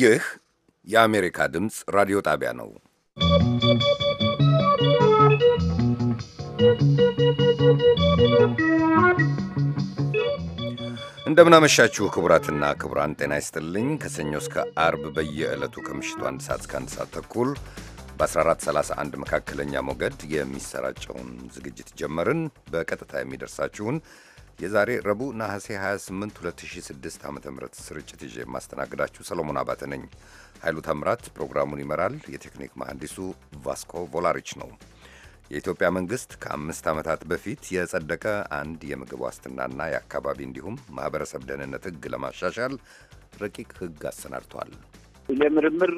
ይህ የአሜሪካ ድምፅ ራዲዮ ጣቢያ ነው። እንደምናመሻችሁ ክቡራትና ክቡራን ጤና ይስጥልኝ። ከሰኞ እስከ አርብ በየዕለቱ ከምሽቱ አንድ ሰዓት እስከ አንድ ሰዓት ተኩል በ1431 መካከለኛ ሞገድ የሚሰራጨውን ዝግጅት ጀመርን። በቀጥታ የሚደርሳችሁን የዛሬ ረቡዕ ነሐሴ 28 2006 ዓ ም ስርጭት ይዤ የማስተናግዳችሁ ሰሎሞን አባተ ነኝ። ኃይሉ ተምራት ፕሮግራሙን ይመራል። የቴክኒክ መሐንዲሱ ቫስኮ ቮላሪች ነው። የኢትዮጵያ መንግሥት ከአምስት ዓመታት በፊት የጸደቀ አንድ የምግብ ዋስትናና የአካባቢ እንዲሁም ማኅበረሰብ ደህንነት ሕግ ለማሻሻል ረቂቅ ሕግ አሰናድቷል። ለምርምር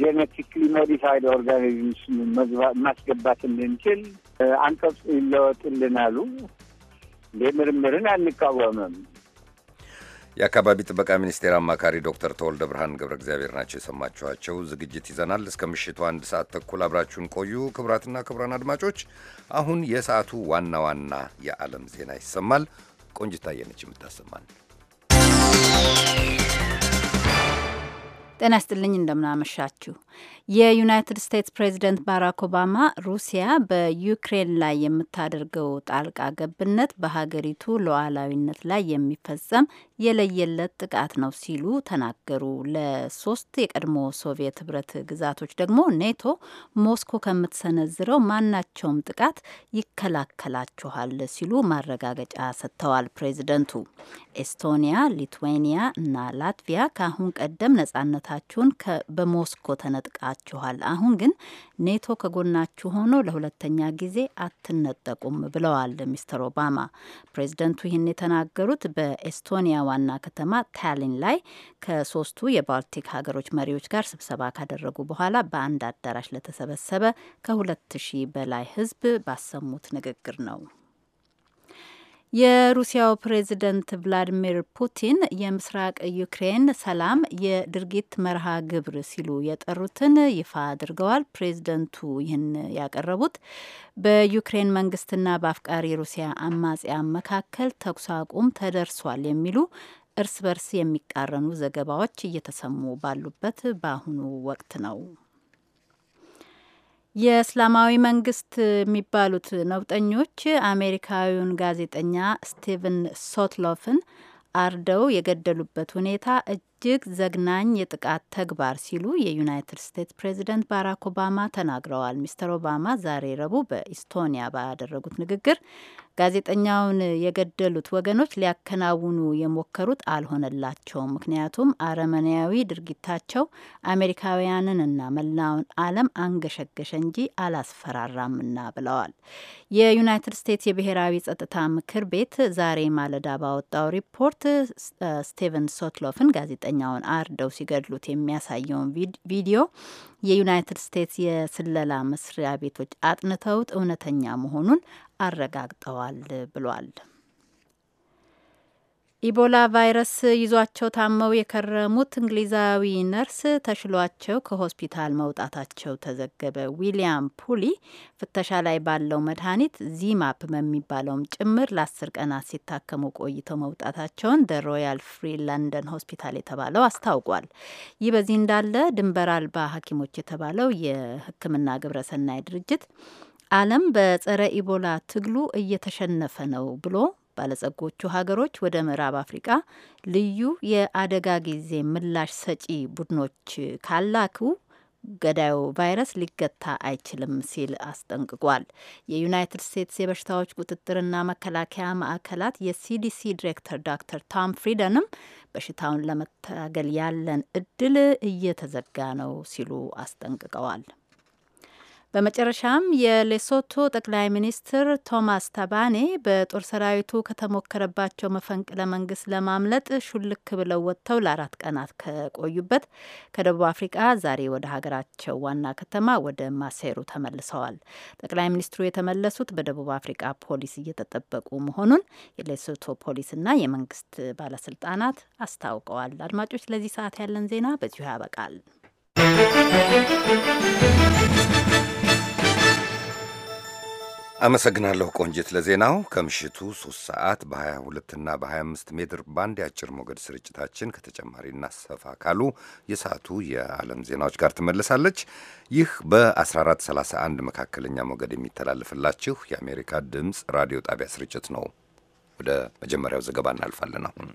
ጄኔቲክሊ ሞዲፋይድ ኦርጋኒዝምስ ማስገባት እንድንችል አንቀጽ ይለወጥልናሉ። የምርምርን አንቃወምም። የአካባቢ ጥበቃ ሚኒስቴር አማካሪ ዶክተር ተወልደ ብርሃን ገብረ እግዚአብሔር ናቸው የሰማችኋቸው። ዝግጅት ይዘናል እስከ ምሽቱ አንድ ሰዓት ተኩል አብራችሁን ቆዩ። ክቡራትና ክቡራን አድማጮች አሁን የሰዓቱ ዋና ዋና የዓለም ዜና ይሰማል። ቆንጅታየነች የምታሰማን ጤና ይስጥልኝ እንደምናመሻችሁ። የዩናይትድ ስቴትስ ፕሬዚደንት ባራክ ኦባማ ሩሲያ በዩክሬን ላይ የምታደርገው ጣልቃ ገብነት በሀገሪቱ ሉዓላዊነት ላይ የሚፈጸም የለየለት ጥቃት ነው ሲሉ ተናገሩ። ለሶስት የቀድሞ ሶቪየት ህብረት ግዛቶች ደግሞ ኔቶ ሞስኮ ከምትሰነዝረው ማናቸውም ጥቃት ይከላከላችኋል ሲሉ ማረጋገጫ ሰጥተዋል። ፕሬዚደንቱ ኤስቶኒያ፣ ሊትዌኒያ እና ላትቪያ ከአሁን ቀደም ነጻነት መሬታችሁን በሞስኮ ተነጥቃችኋል። አሁን ግን ኔቶ ከጎናችሁ ሆኖ ለሁለተኛ ጊዜ አትነጠቁም ብለዋል ሚስተር ኦባማ። ፕሬዚደንቱ ይህን የተናገሩት በኤስቶኒያ ዋና ከተማ ታሊን ላይ ከሶስቱ የባልቲክ ሀገሮች መሪዎች ጋር ስብሰባ ካደረጉ በኋላ በአንድ አዳራሽ ለተሰበሰበ ከሁለት ሺህ በላይ ህዝብ ባሰሙት ንግግር ነው። የሩሲያው ፕሬዝደንት ቭላዲሚር ፑቲን የምስራቅ ዩክሬን ሰላም የድርጊት መርሃ ግብር ሲሉ የጠሩትን ይፋ አድርገዋል። ፕሬዝደንቱ ይህን ያቀረቡት በዩክሬን መንግስትና በአፍቃሪ ሩሲያ አማጽያን መካከል ተኩስ አቁም ተደርሷል የሚሉ እርስ በርስ የሚቃረኑ ዘገባዎች እየተሰሙ ባሉበት በአሁኑ ወቅት ነው። የእስላማዊ መንግስት የሚባሉት ነውጠኞች አሜሪካዊውን ጋዜጠኛ ስቲቨን ሶትሎፍን አርደው የገደሉበት ሁኔታ እጅግ ዘግናኝ የጥቃት ተግባር ሲሉ የዩናይትድ ስቴትስ ፕሬዚደንት ባራክ ኦባማ ተናግረዋል። ሚስተር ኦባማ ዛሬ ረቡዕ በኢስቶኒያ ባደረጉት ንግግር ጋዜጠኛውን የገደሉት ወገኖች ሊያከናውኑ የሞከሩት አልሆነላቸውም፣ ምክንያቱም አረመኔያዊ ድርጊታቸው አሜሪካውያንንና መላውን ዓለም አንገሸገሸ እንጂ አላስፈራራምና ብለዋል። የዩናይትድ ስቴትስ የብሔራዊ ጸጥታ ምክር ቤት ዛሬ ማለዳ ባወጣው ሪፖርት ስቴቨን ሶትሎፍን ጋዜጠ ጋዜጠኛውን አርደው ሲገድሉት የሚያሳየውን ቪዲዮ የዩናይትድ ስቴትስ የስለላ መስሪያ ቤቶች አጥንተውት እውነተኛ መሆኑን አረጋግጠዋል ብሏል። ኢቦላ ቫይረስ ይዟቸው ታመው የከረሙት እንግሊዛዊ ነርስ ተሽሏቸው ከሆስፒታል መውጣታቸው ተዘገበ። ዊሊያም ፑሊ ፍተሻ ላይ ባለው መድኃኒት ዚማፕ በሚባለውም ጭምር ለአስር ቀናት ሲታከሙ ቆይተው መውጣታቸውን ደ ሮያል ፍሪ ለንደን ሆስፒታል የተባለው አስታውቋል። ይህ በዚህ እንዳለ ድንበር አልባ ሐኪሞች የተባለው የሕክምና ግብረሰናይ ድርጅት ዓለም በጸረ ኢቦላ ትግሉ እየተሸነፈ ነው ብሎ ባለጸጎቹ ሀገሮች ወደ ምዕራብ አፍሪቃ ልዩ የአደጋ ጊዜ ምላሽ ሰጪ ቡድኖች ካላኩ ገዳዩ ቫይረስ ሊገታ አይችልም ሲል አስጠንቅቋል። የዩናይትድ ስቴትስ የበሽታዎች ቁጥጥርና መከላከያ ማዕከላት የሲዲሲ ዲሬክተር ዶክተር ቶም ፍሪደንም በሽታውን ለመታገል ያለን እድል እየተዘጋ ነው ሲሉ አስጠንቅቀዋል። በመጨረሻም የሌሶቶ ጠቅላይ ሚኒስትር ቶማስ ታባኔ በጦር ሰራዊቱ ከተሞከረባቸው መፈንቅለ መንግስት ለማምለጥ ሹልክ ብለው ወጥተው ለአራት ቀናት ከቆዩበት ከደቡብ አፍሪቃ ዛሬ ወደ ሀገራቸው ዋና ከተማ ወደ ማሴሩ ተመልሰዋል። ጠቅላይ ሚኒስትሩ የተመለሱት በደቡብ አፍሪቃ ፖሊስ እየተጠበቁ መሆኑን የሌሶቶ ፖሊስና የመንግስት ባለስልጣናት አስታውቀዋል። አድማጮች፣ ለዚህ ሰዓት ያለን ዜና በዚሁ ያበቃል። አመሰግናለሁ ቆንጂት ለዜናው። ከምሽቱ 3 ሰዓት በ22 እና በ25 ሜትር ባንድ የአጭር ሞገድ ስርጭታችን ከተጨማሪና ሰፋ ካሉ የሰዓቱ የዓለም ዜናዎች ጋር ትመለሳለች። ይህ በ1431 መካከለኛ ሞገድ የሚተላለፍላችሁ የአሜሪካ ድምፅ ራዲዮ ጣቢያ ስርጭት ነው። ወደ መጀመሪያው ዘገባ እናልፋለን አሁን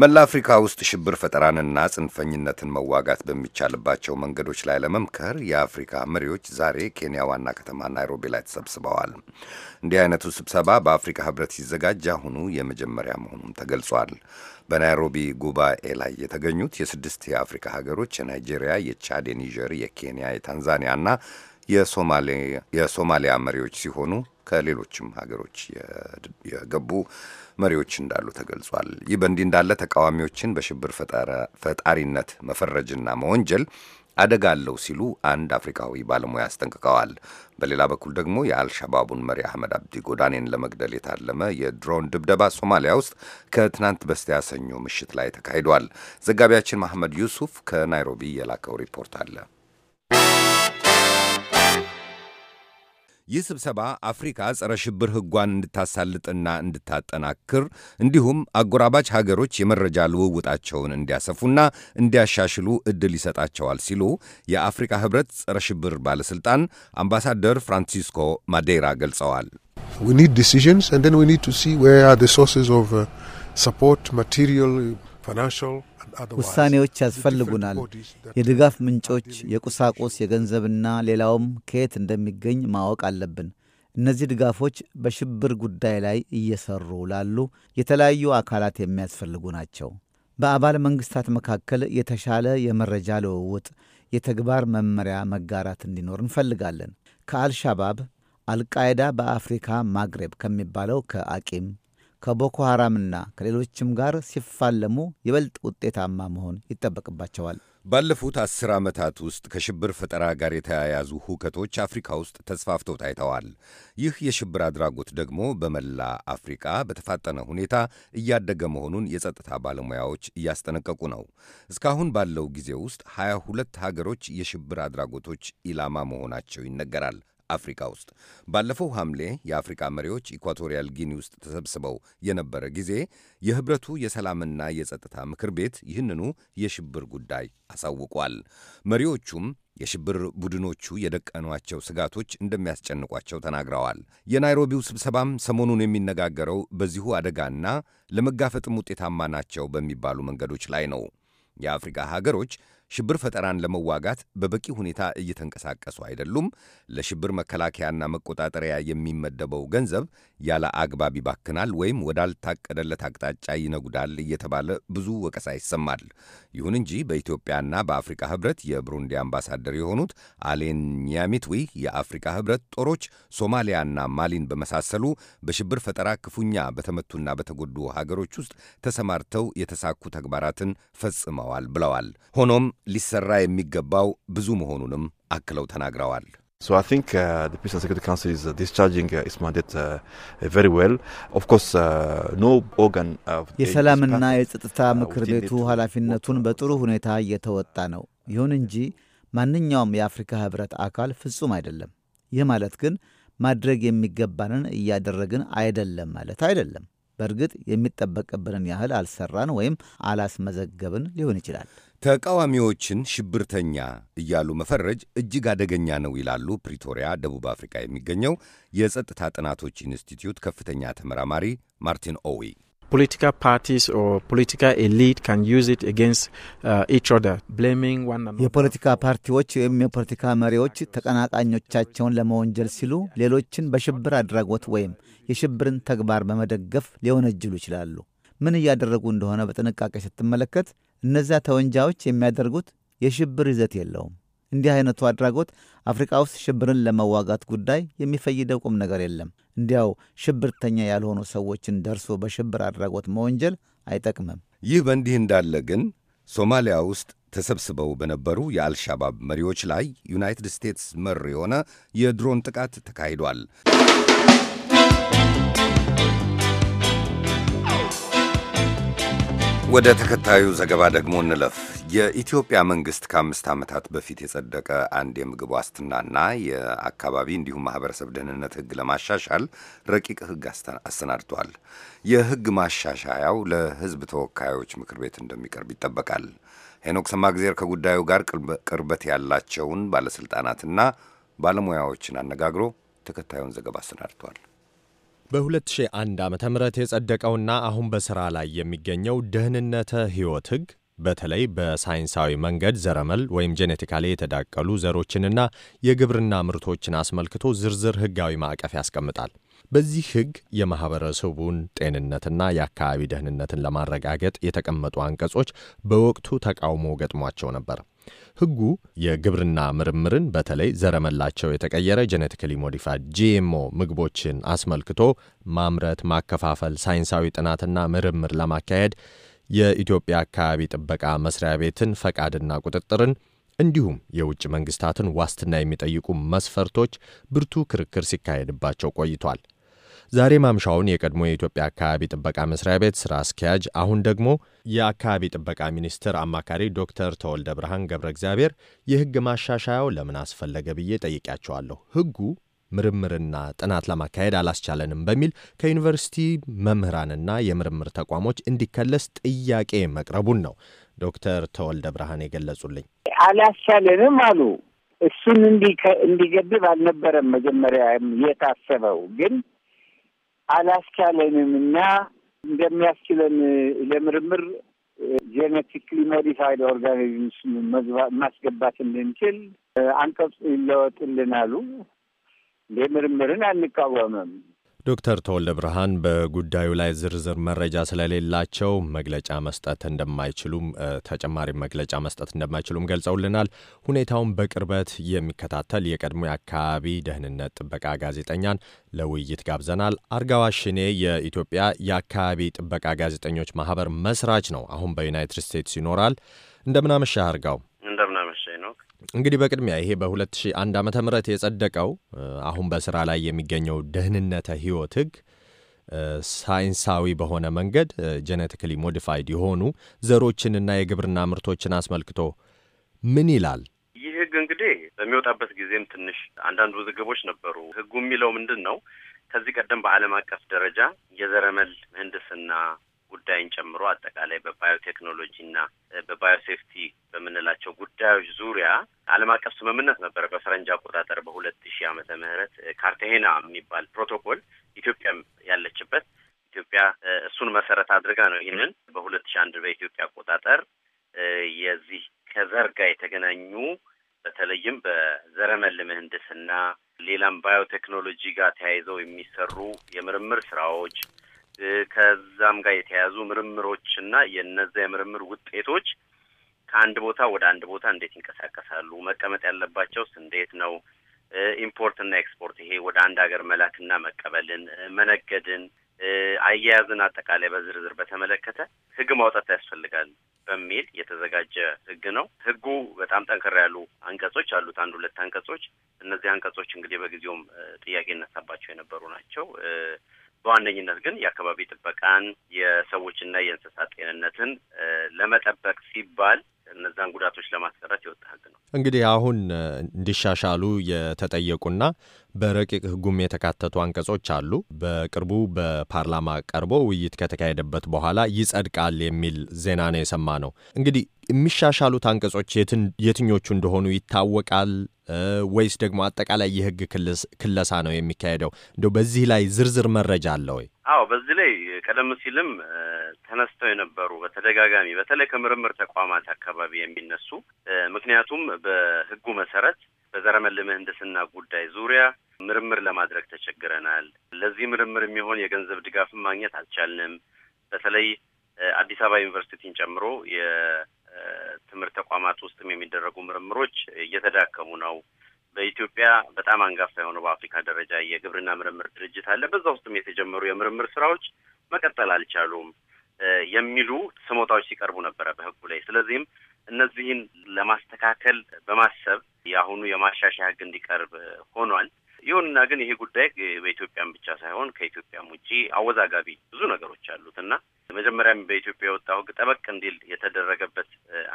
መላ አፍሪካ ውስጥ ሽብር ፈጠራንና ጽንፈኝነትን መዋጋት በሚቻልባቸው መንገዶች ላይ ለመምከር የአፍሪካ መሪዎች ዛሬ ኬንያ ዋና ከተማ ናይሮቢ ላይ ተሰብስበዋል። እንዲህ አይነቱ ስብሰባ በአፍሪካ ሕብረት ሲዘጋጅ አሁኑ የመጀመሪያ መሆኑም ተገልጿል። በናይሮቢ ጉባኤ ላይ የተገኙት የስድስት የአፍሪካ ሀገሮች የናይጄሪያ፣ የቻድ፣ የኒጀር፣ የኬንያ፣ የታንዛኒያና የሶማሊያ መሪዎች ሲሆኑ ከሌሎችም ሀገሮች የገቡ መሪዎች እንዳሉ ተገልጿል። ይህ በእንዲህ እንዳለ ተቃዋሚዎችን በሽብር ፈጣሪነት መፈረጅና መወንጀል አደጋ አለው ሲሉ አንድ አፍሪካዊ ባለሙያ አስጠንቅቀዋል። በሌላ በኩል ደግሞ የአልሻባቡን መሪ አህመድ አብዲ ጎዳኔን ለመግደል የታለመ የድሮን ድብደባ ሶማሊያ ውስጥ ከትናንት በስቲያ ሰኞ ምሽት ላይ ተካሂዷል። ዘጋቢያችን መሐመድ ዩሱፍ ከናይሮቢ የላከው ሪፖርት አለ። ይህ ስብሰባ አፍሪካ ጸረ ሽብር ሕጓን እንድታሳልጥና እንድታጠናክር እንዲሁም አጎራባች ሀገሮች የመረጃ ልውውጣቸውን እንዲያሰፉና እንዲያሻሽሉ ዕድል ይሰጣቸዋል ሲሉ የአፍሪካ ሕብረት ጸረ ሽብር ባለሥልጣን አምባሳደር ፍራንሲስኮ ማዴራ ገልጸዋል። ዲሲዥንስ ሰፖርት ማቴሪያል ፋይናንሻል ውሳኔዎች ያስፈልጉናል። የድጋፍ ምንጮች፣ የቁሳቁስ የገንዘብና ሌላውም ከየት እንደሚገኝ ማወቅ አለብን። እነዚህ ድጋፎች በሽብር ጉዳይ ላይ እየሰሩ ላሉ የተለያዩ አካላት የሚያስፈልጉ ናቸው። በአባል መንግስታት መካከል የተሻለ የመረጃ ልውውጥ፣ የተግባር መመሪያ መጋራት እንዲኖር እንፈልጋለን። ከአልሻባብ አልቃይዳ በአፍሪካ ማግሬብ ከሚባለው ከአቂም ከቦኮ ሐራምና ከሌሎችም ጋር ሲፋለሙ ይበልጥ ውጤታማ መሆን ይጠበቅባቸዋል። ባለፉት አስር ዓመታት ውስጥ ከሽብር ፈጠራ ጋር የተያያዙ ሁከቶች አፍሪካ ውስጥ ተስፋፍተው ታይተዋል። ይህ የሽብር አድራጎት ደግሞ በመላ አፍሪካ በተፋጠነ ሁኔታ እያደገ መሆኑን የጸጥታ ባለሙያዎች እያስጠነቀቁ ነው። እስካሁን ባለው ጊዜ ውስጥ 22 ሀገሮች የሽብር አድራጎቶች ኢላማ መሆናቸው ይነገራል። አፍሪካ ውስጥ ባለፈው ሐምሌ የአፍሪካ መሪዎች ኢኳቶሪያል ጊኒ ውስጥ ተሰብስበው የነበረ ጊዜ የህብረቱ የሰላምና የጸጥታ ምክር ቤት ይህንኑ የሽብር ጉዳይ አሳውቋል። መሪዎቹም የሽብር ቡድኖቹ የደቀኗቸው ስጋቶች እንደሚያስጨንቋቸው ተናግረዋል። የናይሮቢው ስብሰባም ሰሞኑን የሚነጋገረው በዚሁ አደጋና ለመጋፈጥም ውጤታማ ናቸው በሚባሉ መንገዶች ላይ ነው። የአፍሪካ ሀገሮች ሽብር ፈጠራን ለመዋጋት በበቂ ሁኔታ እየተንቀሳቀሱ አይደሉም፣ ለሽብር መከላከያና መቆጣጠሪያ የሚመደበው ገንዘብ ያለ አግባብ ይባክናል ወይም ወዳልታቀደለት አቅጣጫ ይነጉዳል እየተባለ ብዙ ወቀሳ ይሰማል። ይሁን እንጂ በኢትዮጵያና በአፍሪካ ህብረት የብሩንዲ አምባሳደር የሆኑት አሌን ኒያሚትዊ የአፍሪካ ህብረት ጦሮች ሶማሊያና ማሊን በመሳሰሉ በሽብር ፈጠራ ክፉኛ በተመቱና በተጎዱ ሀገሮች ውስጥ ተሰማርተው የተሳኩ ተግባራትን ፈጽመዋል ብለዋል። ሆኖም ሊሰራ የሚገባው ብዙ መሆኑንም አክለው ተናግረዋል። So I think uh, the Peace and Security Council is uh, discharging uh, its mandate uh, very well. Of course, uh, no organ of የሰላምና የጸጥታ uh, ምክር ቤቱ ኃላፊነቱን በጥሩ ሁኔታ እየተወጣ ነው። ይሁን እንጂ ማንኛውም የአፍሪካ ህብረት አካል ፍጹም አይደለም። ይህ ማለት ግን ማድረግ የሚገባንን እያደረግን አይደለም ማለት አይደለም። በእርግጥ የሚጠበቅብንን ያህል አልሰራን ወይም አላስመዘገብን ሊሆን ይችላል። ተቃዋሚዎችን ሽብርተኛ እያሉ መፈረጅ እጅግ አደገኛ ነው ይላሉ ፕሪቶሪያ፣ ደቡብ አፍሪካ የሚገኘው የጸጥታ ጥናቶች ኢንስቲትዩት ከፍተኛ ተመራማሪ ማርቲን ኦዌ። የፖለቲካ ፓርቲዎች ወይም የፖለቲካ መሪዎች ተቀናቃኞቻቸውን ለመወንጀል ሲሉ ሌሎችን በሽብር አድራጎት ወይም የሽብርን ተግባር በመደገፍ ሊወነጅሉ ይችላሉ። ምን እያደረጉ እንደሆነ በጥንቃቄ ስትመለከት እነዚያ ተወንጃዎች የሚያደርጉት የሽብር ይዘት የለውም። እንዲህ አይነቱ አድራጎት አፍሪካ ውስጥ ሽብርን ለመዋጋት ጉዳይ የሚፈይደው ቁም ነገር የለም። እንዲያው ሽብርተኛ ያልሆኑ ሰዎችን ደርሶ በሽብር አድራጎት መወንጀል አይጠቅምም። ይህ በእንዲህ እንዳለ ግን ሶማሊያ ውስጥ ተሰብስበው በነበሩ የአልሻባብ መሪዎች ላይ ዩናይትድ ስቴትስ መር የሆነ የድሮን ጥቃት ተካሂዷል። ወደ ተከታዩ ዘገባ ደግሞ እንለፍ። የኢትዮጵያ መንግስት ከአምስት ዓመታት በፊት የጸደቀ አንድ የምግብ ዋስትናና የአካባቢ እንዲሁም ማህበረሰብ ደህንነት ህግ ለማሻሻል ረቂቅ ህግ አሰናድቷል። የህግ ማሻሻያው ለህዝብ ተወካዮች ምክር ቤት እንደሚቀርብ ይጠበቃል። ሄኖክ ሰማግዜር ከጉዳዩ ጋር ቅርበት ያላቸውን ባለሥልጣናትና ባለሙያዎችን አነጋግሮ ተከታዩን ዘገባ አሰናድቷል። በ2001 ም የጸደቀውና አሁን በሥራ ላይ የሚገኘው ደህንነተ ሕይወት ሕግ በተለይ በሳይንሳዊ መንገድ ዘረመል ወይም ጄኔቲካሊ የተዳቀሉ ዘሮችንና የግብርና ምርቶችን አስመልክቶ ዝርዝር ሕጋዊ ማዕቀፍ ያስቀምጣል። በዚህ ሕግ የማኅበረሰቡን ጤንነትና የአካባቢ ደህንነትን ለማረጋገጥ የተቀመጡ አንቀጾች በወቅቱ ተቃውሞ ገጥሟቸው ነበር። ሕጉ የግብርና ምርምርን በተለይ ዘረመላቸው የተቀየረ ጄኔቲካሊ ሞዲፋይድ ጂኤምኦ ምግቦችን አስመልክቶ ማምረት፣ ማከፋፈል፣ ሳይንሳዊ ጥናትና ምርምር ለማካሄድ የኢትዮጵያ አካባቢ ጥበቃ መስሪያ ቤትን ፈቃድና ቁጥጥርን እንዲሁም የውጭ መንግስታትን ዋስትና የሚጠይቁ መስፈርቶች ብርቱ ክርክር ሲካሄድባቸው ቆይቷል። ዛሬ ማምሻውን የቀድሞ የኢትዮጵያ አካባቢ ጥበቃ መስሪያ ቤት ስራ አስኪያጅ አሁን ደግሞ የአካባቢ ጥበቃ ሚኒስትር አማካሪ ዶክተር ተወልደ ብርሃን ገብረ እግዚአብሔር የህግ ማሻሻያው ለምን አስፈለገ ብዬ ጠይቂያቸዋለሁ። ህጉ ምርምርና ጥናት ለማካሄድ አላስቻለንም በሚል ከዩኒቨርሲቲ መምህራንና የምርምር ተቋሞች እንዲከለስ ጥያቄ መቅረቡን ነው ዶክተር ተወልደ ብርሃን የገለጹልኝ። አላስቻለንም አሉ። እሱን እንዲገድብ አልነበረም መጀመሪያ የታሰበው ግን አላስቻለንም እና እንደሚያስችለን ለምርምር ጄኔቲክሊ ሞዲፋይድ ኦርጋኒዝምስ ማስገባት እንድንችል አንቀጽ ይለወጥልን አሉ። የምርምርን አንቃወምም ዶክተር ተወልደ ብርሃን በጉዳዩ ላይ ዝርዝር መረጃ ስለሌላቸው መግለጫ መስጠት እንደማይችሉም ተጨማሪ መግለጫ መስጠት እንደማይችሉም ገልጸውልናል። ሁኔታውን በቅርበት የሚከታተል የቀድሞ የአካባቢ ደህንነት ጥበቃ ጋዜጠኛን ለውይይት ጋብዘናል። አርጋዋ ሽኔ የኢትዮጵያ የአካባቢ ጥበቃ ጋዜጠኞች ማህበር መስራች ነው። አሁን በዩናይትድ ስቴትስ ይኖራል። እንደምናመሻ አርጋው እንግዲህ በቅድሚያ ይሄ በ2001 ዓ ም የጸደቀው አሁን በስራ ላይ የሚገኘው ደህንነተ ህይወት ህግ ሳይንሳዊ በሆነ መንገድ ጄኔቲካሊ ሞዲፋይድ የሆኑ ዘሮችንና የግብርና ምርቶችን አስመልክቶ ምን ይላል? ይህ ህግ እንግዲህ በሚወጣበት ጊዜም ትንሽ አንዳንድ ውዝግቦች ነበሩ። ህጉ የሚለው ምንድን ነው? ከዚህ ቀደም በዓለም አቀፍ ደረጃ የዘረመል ምህንድስና ጉዳይን ጨምሮ አጠቃላይ በባዮቴክኖሎጂና በባዮሴፍቲ በምንላቸው ጉዳዮች ዙሪያ ዓለም አቀፍ ስምምነት ነበረ በፈረንጅ አቆጣጠር በሁለት ሺህ ዓመተ ምህረት ካርቴሄና የሚባል ፕሮቶኮል ኢትዮጵያም ያለችበት ኢትዮጵያ እሱን መሰረት አድርጋ ነው ይህንን በሁለት ሺህ አንድ በኢትዮጵያ አቆጣጠር የዚህ ከዘር ጋር የተገናኙ በተለይም በዘረመል ምህንድስና ሌላም ባዮቴክኖሎጂ ጋር ተያይዘው የሚሰሩ የምርምር ስራዎች ከዛም ጋር የተያያዙ ምርምሮችና የነዛ የምርምር ውጤቶች ከአንድ ቦታ ወደ አንድ ቦታ እንዴት ይንቀሳቀሳሉ፣ መቀመጥ ያለባቸውስ እንዴት ነው፣ ኢምፖርትና ኤክስፖርት ይሄ ወደ አንድ ሀገር መላክና መቀበልን፣ መነገድን፣ አያያዝን አጠቃላይ በዝርዝር በተመለከተ ህግ ማውጣት ያስፈልጋል በሚል የተዘጋጀ ህግ ነው። ህጉ በጣም ጠንከር ያሉ አንቀጾች አሉት፣ አንድ ሁለት አንቀጾች። እነዚህ አንቀጾች እንግዲህ በጊዜውም ጥያቄ ይነሳባቸው የነበሩ ናቸው። በዋነኝነት ግን የአካባቢ ጥበቃን የሰዎችና የእንስሳት ጤንነትን ለመጠበቅ ሲባል እነዛን ጉዳቶች ለማስቀረት የወጣ ህግ ነው። እንግዲህ አሁን እንዲሻሻሉ የተጠየቁና በረቂቅ ህጉም የተካተቱ አንቀጾች አሉ። በቅርቡ በፓርላማ ቀርቦ ውይይት ከተካሄደበት በኋላ ይጸድቃል የሚል ዜና ነው የሰማ ነው። እንግዲህ የሚሻሻሉት አንቀጾች የትኞቹ እንደሆኑ ይታወቃል ወይስ ደግሞ አጠቃላይ የህግ ክለሳ ነው የሚካሄደው? እንደው በዚህ ላይ ዝርዝር መረጃ አለ ወይ? አዎ፣ በዚህ ላይ ቀደም ሲልም ተነስተው የነበሩ በተደጋጋሚ በተለይ ከምርምር ተቋማት አካባቢ የሚነሱ ምክንያቱም በህጉ መሰረት በዘረመል ምህንድስና ጉዳይ ዙሪያ ምርምር ለማድረግ ተቸግረናል፣ ለዚህ ምርምር የሚሆን የገንዘብ ድጋፍን ማግኘት አልቻልንም፣ በተለይ አዲስ አበባ ዩኒቨርሲቲን ጨምሮ የትምህርት ተቋማት ውስጥም የሚደረጉ ምርምሮች እየተዳከሙ ነው። በኢትዮጵያ በጣም አንጋፋ የሆነው በአፍሪካ ደረጃ የግብርና ምርምር ድርጅት አለ። በዛ ውስጥም የተጀመሩ የምርምር ስራዎች መቀጠል አልቻሉም የሚሉ ስሞታዎች ሲቀርቡ ነበረ በህጉ ላይ። ስለዚህም እነዚህን ለማስተካከል በማሰብ የአሁኑ የማሻሻያ ህግ እንዲቀርብ ሆኗል። ይሁንና ግን ይሄ ጉዳይ በኢትዮጵያም ብቻ ሳይሆን ከኢትዮጵያም ውጪ አወዛጋቢ ብዙ ነገሮች አሉት እና መጀመሪያም በኢትዮጵያ የወጣው ህግ ጠበቅ እንዲል የተደረገበት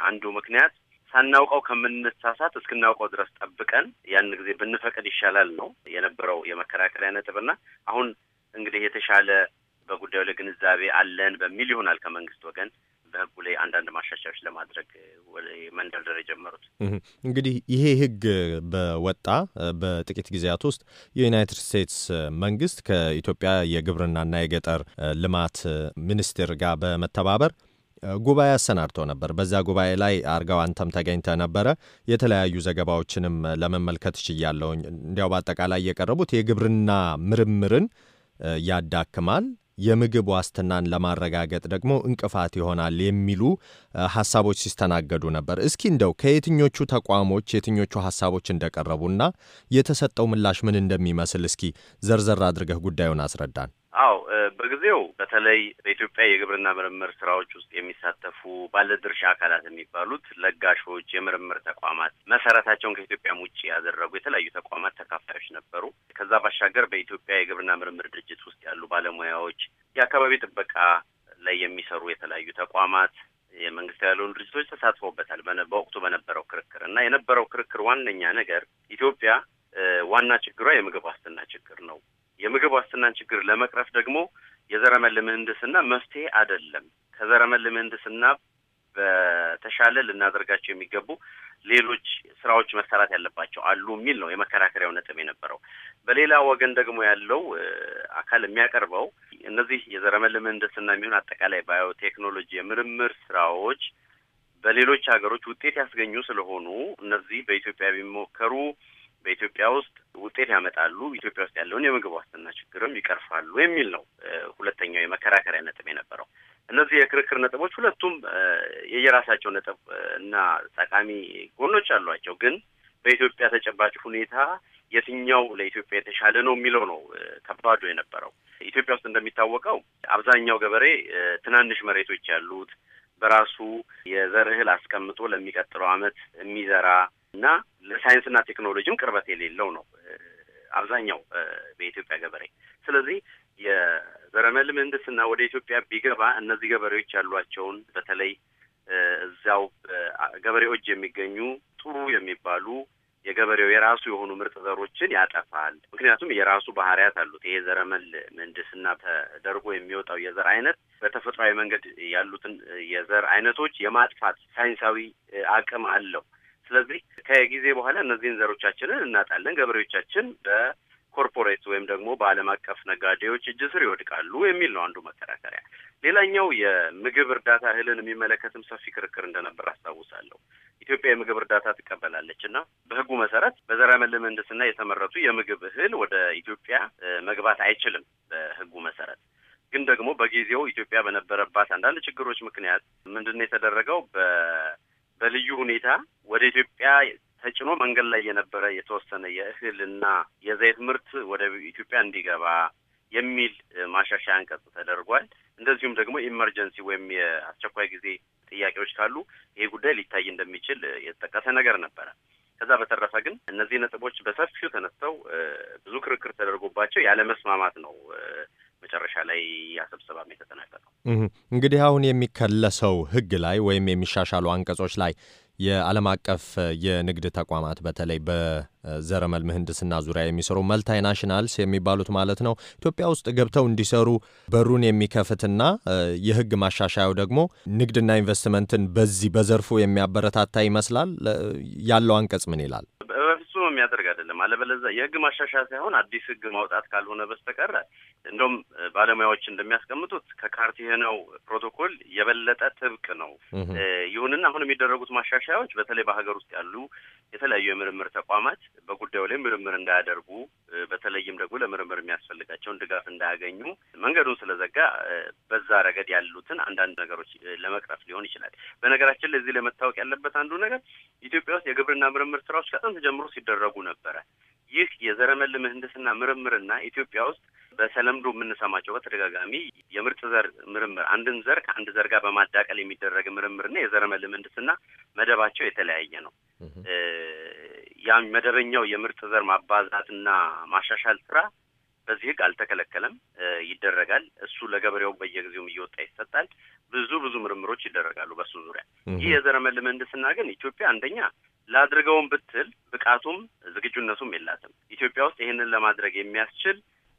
አንዱ ምክንያት ሳናውቀው ከምንሳሳት እስክናውቀው ድረስ ጠብቀን ያን ጊዜ ብንፈቅድ ይሻላል ነው የነበረው የመከራከሪያ ነጥብና አሁን እንግዲህ የተሻለ በጉዳዩ ላይ ግንዛቤ አለን በሚል ይሆናል ከመንግስት ወገን በህጉ ላይ አንዳንድ ማሻሻያዎች ለማድረግ መንደርደር የጀመሩት። እንግዲህ ይሄ ህግ በወጣ በጥቂት ጊዜያት ውስጥ የዩናይትድ ስቴትስ መንግስት ከኢትዮጵያ የግብርናና የገጠር ልማት ሚኒስቴር ጋር በመተባበር ጉባኤ አሰናድቶ ነበር። በዛ ጉባኤ ላይ አርጋው አንተም ተገኝተ ነበረ። የተለያዩ ዘገባዎችንም ለመመልከት ችያለሁኝ። እንዲያው በአጠቃላይ የቀረቡት የግብርና ምርምርን ያዳክማል የምግብ ዋስትናን ለማረጋገጥ ደግሞ እንቅፋት ይሆናል የሚሉ ሀሳቦች ሲስተናገዱ ነበር። እስኪ እንደው ከየትኞቹ ተቋሞች የትኞቹ ሀሳቦች እንደቀረቡና የተሰጠው ምላሽ ምን እንደሚመስል እስኪ ዘርዘር አድርገህ ጉዳዩን አስረዳን። አዎ በጊዜው በተለይ በኢትዮጵያ የግብርና ምርምር ስራዎች ውስጥ የሚሳተፉ ባለድርሻ አካላት የሚባሉት ለጋሾች፣ የምርምር ተቋማት መሰረታቸውን ከኢትዮጵያም ውጭ ያደረጉ የተለያዩ ተቋማት ተካፋዮች ነበሩ። ከዛ ባሻገር በኢትዮጵያ የግብርና ምርምር ድርጅት ውስጥ ያሉ ባለሙያዎች፣ የአካባቢ ጥበቃ ላይ የሚሰሩ የተለያዩ ተቋማት የመንግስት ያልሆኑ ድርጅቶች ተሳትፎበታል። በወቅቱ በነበረው ክርክር እና የነበረው ክርክር ዋነኛ ነገር ኢትዮጵያ ዋና ችግሯ የምግብ ዋስትና ችግር ነው። የምግብ ዋስትናን ችግር ለመቅረፍ ደግሞ የዘረመል ምህንድስና መፍትሄ አይደለም። ከዘረመል ምህንድስና በተሻለ ልናደርጋቸው የሚገቡ ሌሎች ስራዎች መሰራት ያለባቸው አሉ የሚል ነው የመከራከሪያው ነጥብ የነበረው። በሌላ ወገን ደግሞ ያለው አካል የሚያቀርበው እነዚህ የዘረመል ምህንድስና የሚሆን አጠቃላይ ባዮቴክኖሎጂ የምርምር ስራዎች በሌሎች ሀገሮች ውጤት ያስገኙ ስለሆኑ እነዚህ በኢትዮጵያ ቢሞከሩ በኢትዮጵያ ውስጥ ውጤት ያመጣሉ፣ ኢትዮጵያ ውስጥ ያለውን የምግብ ዋስትና ችግርም ይቀርፋሉ የሚል ነው ሁለተኛው የመከራከሪያ ነጥብ የነበረው። እነዚህ የክርክር ነጥቦች ሁለቱም የየራሳቸው ነጥብ እና ጠቃሚ ጎኖች አሏቸው። ግን በኢትዮጵያ ተጨባጭ ሁኔታ የትኛው ለኢትዮጵያ የተሻለ ነው የሚለው ነው ከባዱ የነበረው። ኢትዮጵያ ውስጥ እንደሚታወቀው አብዛኛው ገበሬ ትናንሽ መሬቶች ያሉት በራሱ የዘር እህል አስቀምጦ ለሚቀጥለው ዓመት የሚዘራ እና ለሳይንስና ቴክኖሎጂም ቅርበት የሌለው ነው አብዛኛው በኢትዮጵያ ገበሬ። ስለዚህ የዘረመል ምህንድስና ወደ ኢትዮጵያ ቢገባ እነዚህ ገበሬዎች ያሏቸውን በተለይ እዚያው ገበሬዎች የሚገኙ ጥሩ የሚባሉ የገበሬው የራሱ የሆኑ ምርጥ ዘሮችን ያጠፋል። ምክንያቱም የራሱ ባህሪያት አሉት። ይሄ ዘረመል ምህንድስና ተደርጎ የሚወጣው የዘር አይነት በተፈጥሯዊ መንገድ ያሉትን የዘር አይነቶች የማጥፋት ሳይንሳዊ አቅም አለው። ስለዚህ ከጊዜ በኋላ እነዚህን ዘሮቻችንን እናጣለን። ገበሬዎቻችን በኮርፖሬት ወይም ደግሞ በዓለም አቀፍ ነጋዴዎች እጅ ስር ይወድቃሉ የሚል ነው አንዱ መከራከሪያ። ሌላኛው የምግብ እርዳታ እህልን የሚመለከትም ሰፊ ክርክር እንደነበር አስታውሳለሁ። ኢትዮጵያ የምግብ እርዳታ ትቀበላለች እና በህጉ መሰረት በዘረመል ምህንድስና የተመረቱ የምግብ እህል ወደ ኢትዮጵያ መግባት አይችልም በህጉ መሰረት። ግን ደግሞ በጊዜው ኢትዮጵያ በነበረባት አንዳንድ ችግሮች ምክንያት ምንድን ነው የተደረገው በ በልዩ ሁኔታ ወደ ኢትዮጵያ ተጭኖ መንገድ ላይ የነበረ የተወሰነ የእህልና የዘይት ምርት ወደ ኢትዮጵያ እንዲገባ የሚል ማሻሻያ አንቀጽ ተደርጓል። እንደዚሁም ደግሞ ኢመርጀንሲ ወይም የአስቸኳይ ጊዜ ጥያቄዎች ካሉ ይሄ ጉዳይ ሊታይ እንደሚችል የተጠቀሰ ነገር ነበረ። ከዛ በተረፈ ግን እነዚህ ነጥቦች በሰፊው ተነስተው ብዙ ክርክር ተደርጎባቸው ያለመስማማት ነው መጨረሻ ላይ ያ ስብሰባም የተጠናቀቀው። እንግዲህ አሁን የሚከለሰው ህግ ላይ ወይም የሚሻሻሉ አንቀጾች ላይ የዓለም አቀፍ የንግድ ተቋማት በተለይ በዘረመል ምህንድስና ዙሪያ የሚሰሩ መልታይ ናሽናልስ የሚባሉት ማለት ነው ኢትዮጵያ ውስጥ ገብተው እንዲሰሩ በሩን የሚከፍትና የህግ ማሻሻያው ደግሞ ንግድና ኢንቨስትመንትን በዚህ በዘርፉ የሚያበረታታ ይመስላል። ያለው አንቀጽ ምን ይላል? በፍጹም የሚያደርግ አይደለም። አለበለዚያ የህግ ማሻሻያ ሳይሆን አዲስ ህግ ማውጣት ካልሆነ በስተቀር እንደውም ባለሙያዎች እንደሚያስቀምጡት ከካርቴኖው ፕሮቶኮል የበለጠ ጥብቅ ነው። ይሁንና አሁን የሚደረጉት ማሻሻያዎች በተለይ በሀገር ውስጥ ያሉ የተለያዩ የምርምር ተቋማት በጉዳዩ ላይ ምርምር እንዳያደርጉ፣ በተለይም ደግሞ ለምርምር የሚያስፈልጋቸውን ድጋፍ እንዳያገኙ መንገዱን ስለዘጋ በዛ ረገድ ያሉትን አንዳንድ ነገሮች ለመቅረፍ ሊሆን ይችላል። በነገራችን ላይ እዚህ ለመታወቅ መታወቅ ያለበት አንዱ ነገር ኢትዮጵያ ውስጥ የግብርና ምርምር ስራዎች ከጥንት ጀምሮ ሲደረጉ ነበረ። ይህ የዘረመል ምህንድስና ምርምርና ኢትዮጵያ ውስጥ በተለምዶ የምንሰማቸው በተደጋጋሚ የምርጥ ዘር ምርምር አንድን ዘር ከአንድ ዘር ጋር በማዳቀል የሚደረግ ምርምርና የዘረመል ምህንድስና መደባቸው የተለያየ ነው። ያ መደበኛው የምርጥ ዘር ማባዛትና ማሻሻል ስራ በዚህ ህግ አልተከለከለም፣ ይደረጋል። እሱ ለገበሬው በየጊዜውም እየወጣ ይሰጣል። ብዙ ብዙ ምርምሮች ይደረጋሉ በሱ ዙሪያ። ይህ የዘረመል ምህንድስና ግን ኢትዮጵያ አንደኛ ላድርገውን ብትል ብቃቱም ዝግጁነቱም የላትም። ኢትዮጵያ ውስጥ ይህንን ለማድረግ የሚያስችል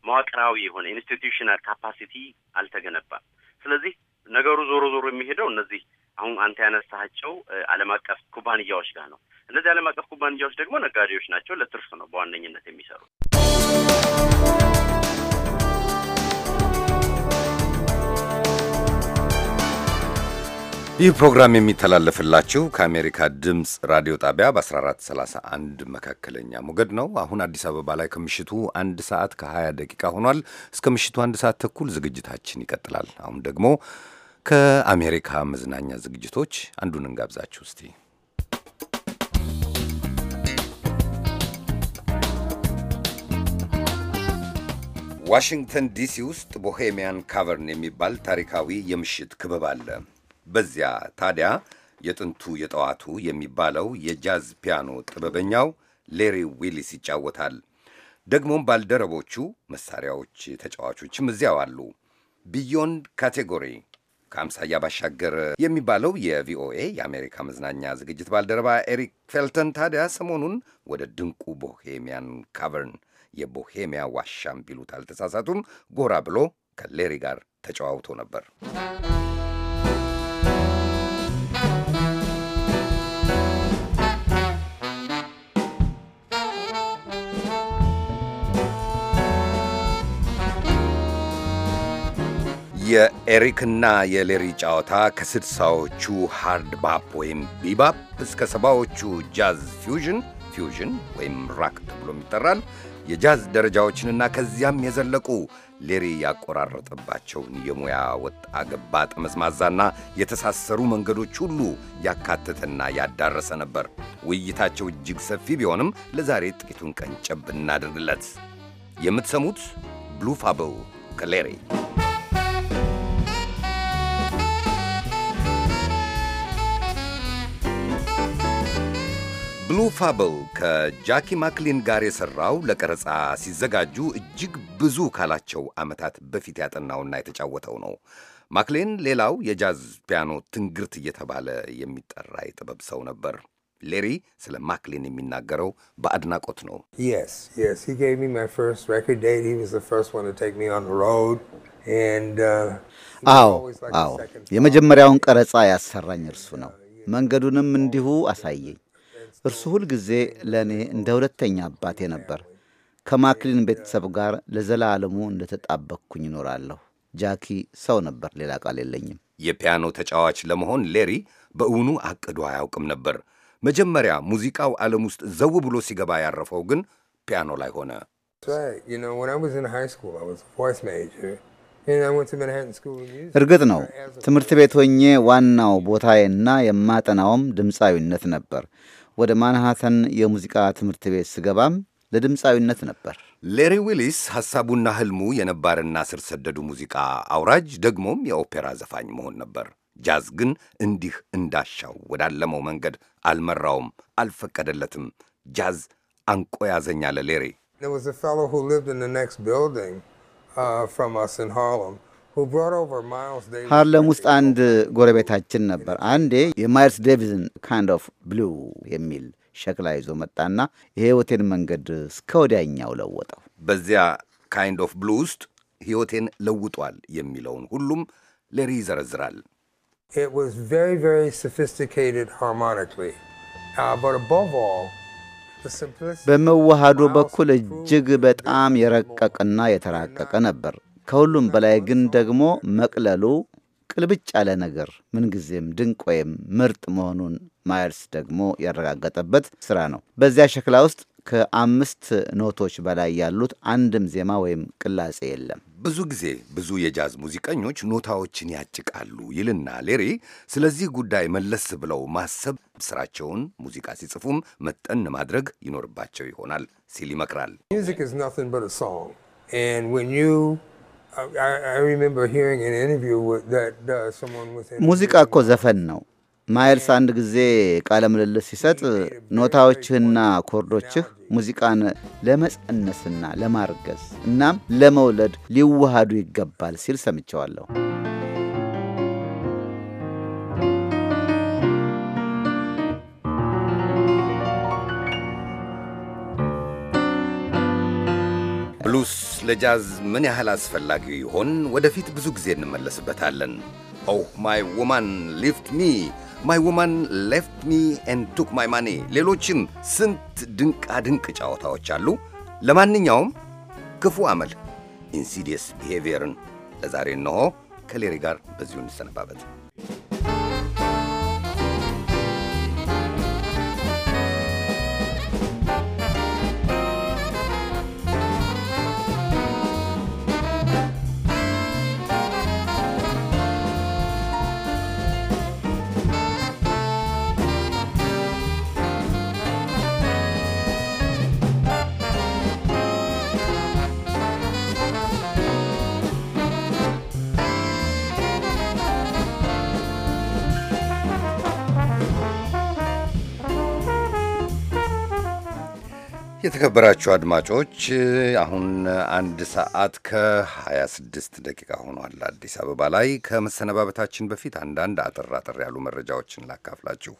መዋቅራዊ የሆነ ኢንስቲትዩሽናል ካፓሲቲ አልተገነባም። ስለዚህ ነገሩ ዞሮ ዞሮ የሚሄደው እነዚህ አሁን አንተ ያነሳቸው ዓለም አቀፍ ኩባንያዎች ጋር ነው። እነዚህ ዓለም አቀፍ ኩባንያዎች ደግሞ ነጋዴዎች ናቸው። ለትርፍ ነው በዋነኝነት የሚሰሩት። ይህ ፕሮግራም የሚተላለፍላችሁ ከአሜሪካ ድምፅ ራዲዮ ጣቢያ በ1431 መካከለኛ ሞገድ ነው። አሁን አዲስ አበባ ላይ ከምሽቱ አንድ ሰዓት ከ20 ደቂቃ ሆኗል። እስከ ምሽቱ አንድ ሰዓት ተኩል ዝግጅታችን ይቀጥላል። አሁን ደግሞ ከአሜሪካ መዝናኛ ዝግጅቶች አንዱን እንጋብዛችሁ እስቲ። ዋሽንግተን ዲሲ ውስጥ ቦሄሚያን ካቨርን የሚባል ታሪካዊ የምሽት ክበብ አለ። በዚያ ታዲያ የጥንቱ የጠዋቱ የሚባለው የጃዝ ፒያኖ ጥበበኛው ሌሪ ዊሊስ ይጫወታል። ደግሞም ባልደረቦቹ መሳሪያዎች ተጫዋቾችም እዚያው አሉ። ቢዮንድ ካቴጎሪ ከአምሳያ ባሻገር የሚባለው የቪኦኤ የአሜሪካ መዝናኛ ዝግጅት ባልደረባ ኤሪክ ፌልተን ታዲያ ሰሞኑን ወደ ድንቁ ቦሄሚያን ካቨርን የቦሄሚያ ዋሻም ቢሉት አልተሳሳቱም ጎራ ብሎ ከሌሪ ጋር ተጨዋውቶ ነበር። የኤሪክና የሌሪ ጨዋታ ከስድሳዎቹ ሃርድ ባፕ ወይም ቢባፕ እስከ ሰባዎቹ ጃዝ ፊውዥን ፊውዥን ወይም ራክ ተብሎም ይጠራል። የጃዝ ደረጃዎችንና ከዚያም የዘለቁ ሌሪ ያቆራረጠባቸውን የሙያ ወጣ ገባ ጠመዝማዛና የተሳሰሩ መንገዶች ሁሉ ያካተተና ያዳረሰ ነበር። ውይይታቸው እጅግ ሰፊ ቢሆንም ለዛሬ ጥቂቱን ቀንጨብ እናድርግለት። የምትሰሙት ብሉፋበው ከሌሪ ብሉ ፋብል ከጃኪ ማክሊን ጋር የሠራው ለቀረጻ ሲዘጋጁ እጅግ ብዙ ካላቸው ዓመታት በፊት ያጠናውና የተጫወተው ነው። ማክሊን ሌላው የጃዝ ፒያኖ ትንግርት እየተባለ የሚጠራ የጥበብ ሰው ነበር። ሌሪ ስለ ማክሊን የሚናገረው በአድናቆት ነው። uh, አዎ አዎ፣ የመጀመሪያውን ቀረጻ ያሰራኝ እርሱ ነው። መንገዱንም እንዲሁ አሳየኝ። እርሱ ሁልጊዜ ለእኔ እንደ ሁለተኛ አባቴ ነበር። ከማክሊን ቤተሰብ ጋር ለዘላለሙ እንደተጣበቅኩኝ ይኖራለሁ። ጃኪ ሰው ነበር፣ ሌላ ቃል የለኝም። የፒያኖ ተጫዋች ለመሆን ሌሪ በእውኑ አቅዶ አያውቅም ነበር። መጀመሪያ ሙዚቃው ዓለም ውስጥ ዘው ብሎ ሲገባ ያረፈው ግን ፒያኖ ላይ ሆነ። እርግጥ ነው ትምህርት ቤት ሆኜ ዋናው ቦታዬና የማጠናውም ድምፃዊነት ነበር። ወደ ማንሃተን የሙዚቃ ትምህርት ቤት ስገባም ለድምፃዊነት ነበር። ሌሪ ዊሊስ ሐሳቡና ህልሙ የነባርና ስር ሰደዱ ሙዚቃ አውራጅ ደግሞም የኦፔራ ዘፋኝ መሆን ነበር። ጃዝ ግን እንዲህ እንዳሻው ወዳለመው መንገድ አልመራውም፣ አልፈቀደለትም። ጃዝ አንቆ ያዘኛ ለሌሪ ሃርለም ውስጥ አንድ ጎረቤታችን ነበር። አንዴ የማይልስ ዴቪዝን ካንድ ኦፍ ብሉ የሚል ሸክላ ይዞ መጣና የህይወቴን መንገድ እስከ ወዲያኛው ለወጠው። በዚያ ካይንድ ኦፍ ብሉ ውስጥ ህይወቴን ለውጧል የሚለውን ሁሉም ሌሪ ይዘረዝራል። uh, በመዋሃዱ በኩል እጅግ በጣም የረቀቅና የተራቀቀ ነበር። ከሁሉም በላይ ግን ደግሞ መቅለሉ ቅልብጭ ያለ ነገር ምንጊዜም ድንቅ ወይም ምርጥ መሆኑን ማየርስ ደግሞ ያረጋገጠበት ስራ ነው። በዚያ ሸክላ ውስጥ ከአምስት ኖቶች በላይ ያሉት አንድም ዜማ ወይም ቅላጼ የለም። ብዙ ጊዜ ብዙ የጃዝ ሙዚቀኞች ኖታዎችን ያጭቃሉ ይልና ሌሪ ስለዚህ ጉዳይ መለስ ብለው ማሰብ፣ ስራቸውን ሙዚቃ ሲጽፉም መጠን ማድረግ ይኖርባቸው ይሆናል ሲል ይመክራል። Uh, ሙዚቃ እኮ ዘፈን ነው። ማይልስ አንድ ጊዜ ቃለ ምልልስ ሲሰጥ ኖታዎችህና ኮርዶችህ ሙዚቃን ለመጸነስና ለማርገዝ እናም ለመውለድ ሊዋሃዱ ይገባል ሲል ሰምቸዋለሁ። ብሉስ ለጃዝ ምን ያህል አስፈላጊ ይሆን? ወደፊት ብዙ ጊዜ እንመለስበታለን። ኦህ ማይ ወማን ሊፍት ሚ ማይ ወማን ሌፍት ሚ ኤንድ ቱክ ማይ ማኒ፣ ሌሎችም ስንት ድንቃ ድንቅ ጨዋታዎች አሉ። ለማንኛውም ክፉ አመል ኢንሲዲየስ ቢሄቪየርን ለዛሬ እንሆ ከሌሪ ጋር በዚሁ እንሰነባበት። የተከበራችሁ አድማጮች አሁን አንድ ሰዓት ከ26 ደቂቃ ሆኗል አዲስ አበባ ላይ። ከመሰነባበታችን በፊት አንዳንድ አጠር አጠር ያሉ መረጃዎችን ላካፍላችሁ።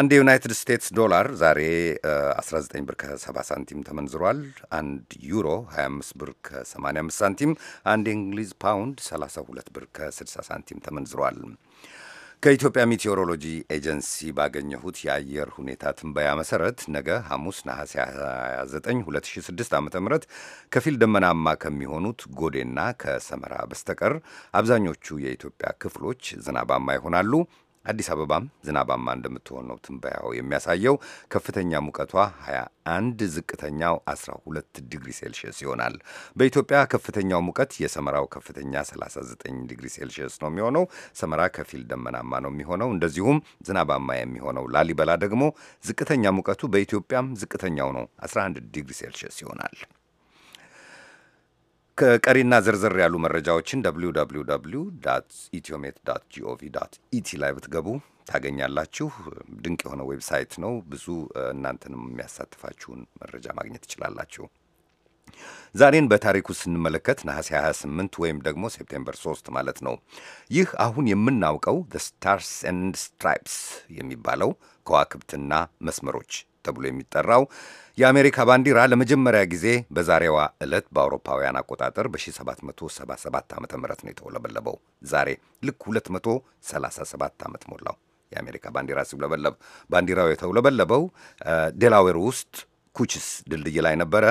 አንድ የዩናይትድ ስቴትስ ዶላር ዛሬ 19 ብር ከ70 ሳንቲም ተመንዝሯል። አንድ ዩሮ 25 ብር ከ85 ሳንቲም፣ አንድ የእንግሊዝ ፓውንድ 32 ብር ከ60 ሳንቲም ተመንዝሯል። ከኢትዮጵያ ሜቴዎሮሎጂ ኤጀንሲ ባገኘሁት የአየር ሁኔታ ትንበያ መሰረት ነገ ሐሙስ ነሐሴ 29 2006 ዓ ም ከፊል ደመናማ ከሚሆኑት ጎዴና ከሰመራ በስተቀር አብዛኞቹ የኢትዮጵያ ክፍሎች ዝናባማ ይሆናሉ። አዲስ አበባም ዝናባማ እንደምትሆን ነው ትንበያው የሚያሳየው። ከፍተኛ ሙቀቷ 21፣ ዝቅተኛው 12 ዲግሪ ሴልሽየስ ይሆናል። በኢትዮጵያ ከፍተኛው ሙቀት የሰመራው ከፍተኛ 39 ዲግሪ ሴልሽየስ ነው የሚሆነው። ሰመራ ከፊል ደመናማ ነው የሚሆነው። እንደዚሁም ዝናባማ የሚሆነው ላሊበላ ደግሞ ዝቅተኛ ሙቀቱ በኢትዮጵያም ዝቅተኛው ነው፣ 11 ዲግሪ ሴልሽየስ ይሆናል። ከቀሪና ዝርዝር ያሉ መረጃዎችን ኢትዮሜት ጂኦቪ ኢቲ ላይ ብትገቡ ታገኛላችሁ። ድንቅ የሆነ ዌብሳይት ነው። ብዙ እናንተንም የሚያሳትፋችሁን መረጃ ማግኘት ትችላላችሁ። ዛሬን በታሪኩ ስንመለከት ነሐሴ 28 ወይም ደግሞ ሴፕቴምበር 3 ማለት ነው። ይህ አሁን የምናውቀው ስታርስ ኤንድ ስትራይፕስ የሚባለው ከዋክብትና መስመሮች ተብሎ የሚጠራው የአሜሪካ ባንዲራ ለመጀመሪያ ጊዜ በዛሬዋ ዕለት በአውሮፓውያን አቆጣጠር በ1777 ዓ ም ነው የተውለበለበው። ዛሬ ልክ 237 ዓመት ሞላው። የአሜሪካ ባንዲራ ሲውለበለብ ባንዲራው የተውለበለበው ዴላዌር ውስጥ ኩችስ ድልድይ ላይ ነበረ።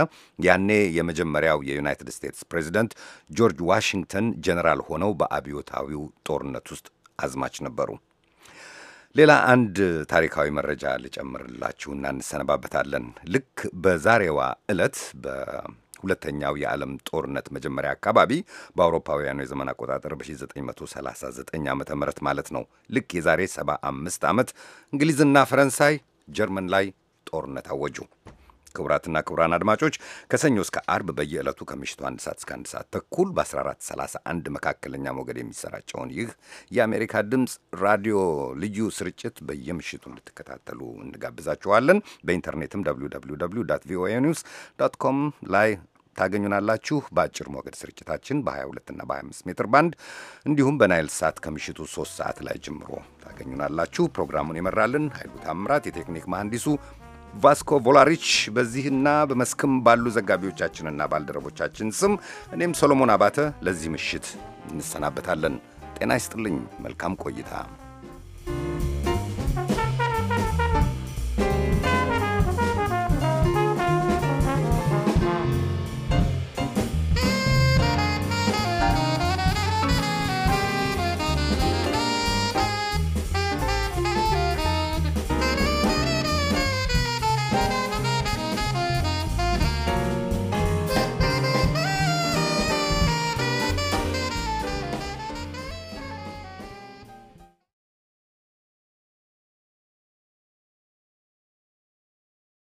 ያኔ የመጀመሪያው የዩናይትድ ስቴትስ ፕሬዚደንት ጆርጅ ዋሽንግተን ጀነራል ሆነው በአብዮታዊው ጦርነት ውስጥ አዝማች ነበሩ። ሌላ አንድ ታሪካዊ መረጃ ልጨምርላችሁና እንሰነባበታለን። ልክ በዛሬዋ ዕለት በሁለተኛው የዓለም ጦርነት መጀመሪያ አካባቢ በአውሮፓውያኑ የዘመን አቆጣጠር በ1939 ዓ ም ማለት ነው ልክ የዛሬ 75 ዓመት እንግሊዝና ፈረንሳይ ጀርመን ላይ ጦርነት አወጁ። ክቡራትና ክቡራን አድማጮች ከሰኞ እስከ አርብ በየዕለቱ ከምሽቱ አንድ ሰዓት እስከ አንድ ሰዓት ተኩል በ1431 መካከለኛ ሞገድ የሚሰራጨውን ይህ የአሜሪካ ድምፅ ራዲዮ ልዩ ስርጭት በየምሽቱ እንድትከታተሉ እንጋብዛችኋለን። በኢንተርኔትም ቪኦኤ ኒውስ ዶት ኮም ላይ ታገኙናላችሁ። በአጭር ሞገድ ስርጭታችን በ22 እና በ25 ሜትር ባንድ እንዲሁም በናይል ሳት ከምሽቱ 3 ሰዓት ላይ ጀምሮ ታገኙናላችሁ። ፕሮግራሙን የመራልን ኃይሉ ታምራት፣ የቴክኒክ መሐንዲሱ ቫስኮ ቮላሪች በዚህና በመስክም ባሉ ዘጋቢዎቻችንና ባልደረቦቻችን ስም እኔም ሰሎሞን አባተ ለዚህ ምሽት እንሰናበታለን። ጤና ይስጥልኝ። መልካም ቆይታ